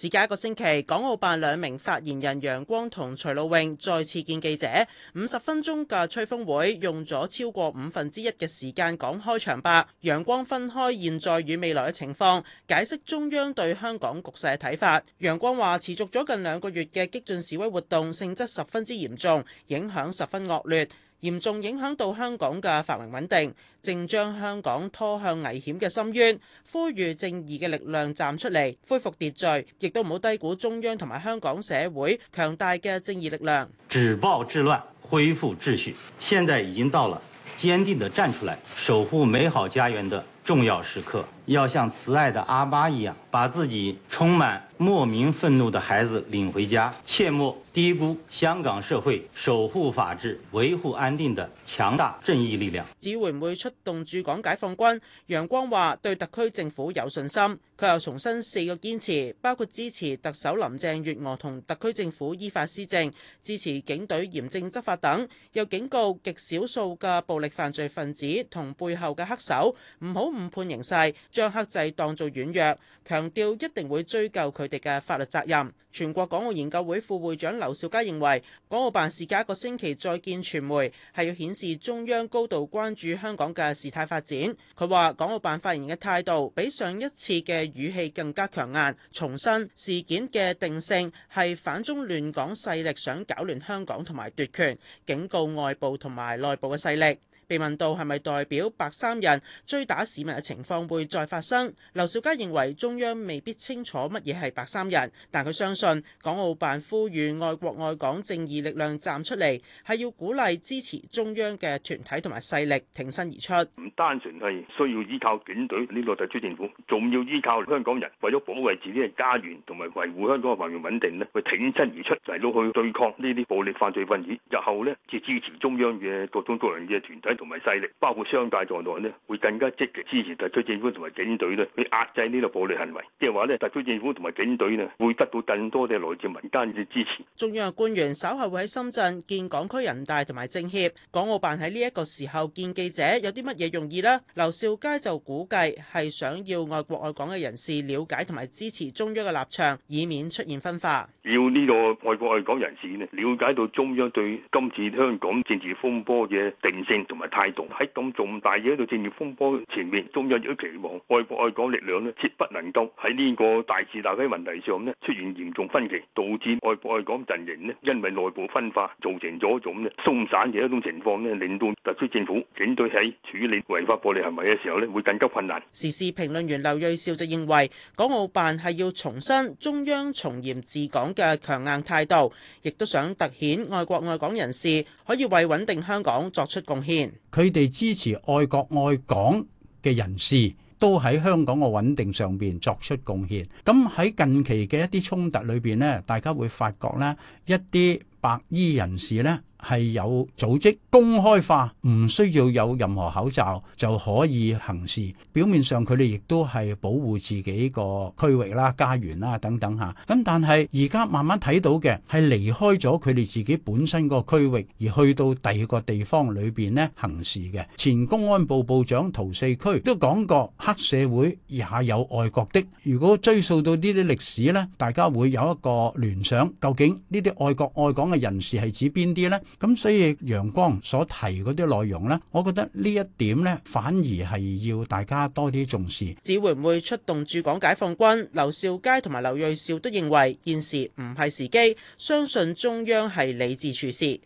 事隔一個星期，港澳辦兩名發言人楊光同徐露穎再次見記者。五十分鐘嘅吹風會用咗超過五分之一嘅時間講開場白。楊光分開現在與未來嘅情況，解釋中央對香港局勢嘅睇法。楊光話：持續咗近兩個月嘅激進示威活動，性質十分之嚴重，影響十分惡劣。嚴重影響到香港嘅繁榮穩定，正將香港拖向危險嘅深淵，呼籲正義嘅力量站出嚟，恢復秩序，亦都唔好低估中央同埋香港社會強大嘅正義力量。止暴制亂，恢復秩序，現在已經到了堅定的站出來守護美好家園的重要時刻，要像慈愛的阿媽一樣，把自己充滿莫名憤怒的孩子領回家，切莫低估香港社會守護法治、維護安定的強大正義力量。至於會唔會出動駐港解放軍？楊光話對特區政府有信心，佢又重申四個堅持，包括支持特首林鄭月娥同特區政府依法施政，支持警隊嚴正執法等，又警告極少數嘅暴力犯罪分子同背後嘅黑手唔好，誤判形勢，將克制當做軟弱，強調一定會追究佢哋嘅法律責任。全國港澳研究會副會長劉兆佳認為，港澳辦事隔一個星期再見傳媒，係要顯示中央高度關注香港嘅事態發展。佢話，港澳辦發言嘅態度比上一次嘅語氣更加強硬，重申事件嘅定性係反中亂港勢力想搞亂香港同埋奪權，警告外部同埋內部嘅勢力。被問到係咪代表白衫人追打市民嘅情況會再發生，劉兆佳認為中央未必清楚乜嘢係白衫人，但佢相信港澳辦呼籲愛國愛港正義力量站出嚟，係要鼓勵支持中央嘅團體同埋勢力挺身而出。唔單純係需要依靠警隊呢個特區政府，仲要依靠香港人為咗保衞自己嘅家園同埋維護香港嘅繁榮穩定咧，去挺身而出嚟到、就係、去對抗呢啲暴力犯罪分子。日後咧，要支持中央嘅各種各樣嘅團體。同埋勢力，包括商界在內咧，會更加積極支持特區政府同埋警隊咧，去壓制呢個暴力行為。即係話咧，特區政府同埋警隊咧，會得到更多嘅來自民間嘅支持。中央嘅官員稍後會喺深圳見港區人大同埋政協，港澳辦喺呢一個時候見記者，有啲乜嘢用意咧？劉兆佳就估計係想要愛國愛港嘅人士了解同埋支持中央嘅立場，以免出現分化。要呢個愛國愛港人士咧，瞭解到中央對今次香港政治風波嘅定性同埋態度。喺咁重大嘅一個政治風波前面，中央亦都期望愛國愛港力量咧，切不能夠喺呢個大是大非問題上咧，出現嚴重分歧，導致愛國愛港陣營咧因為內部分化造成咗一種咧鬆散嘅一種情況咧，令到特區政府警隊喺處理違法暴力行為嘅時候咧會更加困難。時事評論員劉銳紹就認為，港澳辦係要重申中央從嚴治港嘅強硬態度，亦都想突顯愛國愛港人士可以為穩定香港作出貢獻。佢哋支持愛國愛港嘅人士，都喺香港嘅穩定上邊作出貢獻。咁喺近期嘅一啲衝突裏邊呢，大家會發覺咧，一啲白衣人士呢。係有組織公開化，唔需要有任何口罩就可以行事。表面上佢哋亦都係保護自己個區域啦、家園啦等等嚇。咁但係而家慢慢睇到嘅係離開咗佢哋自己本身個區域，而去到第二個地方裏邊呢，行事嘅。前公安部部長陶駟駒都講過，黑社會也有愛國的。如果追溯到呢啲歷史呢，大家會有一個聯想，究竟呢啲愛國愛港嘅人士係指邊啲呢？咁所以楊光所提嗰啲內容呢，我覺得呢一點呢，反而係要大家多啲重視。指會唔會出動駐港解放軍？劉兆佳同埋劉銳紹都認為現時唔係時機，相信中央係理智處事。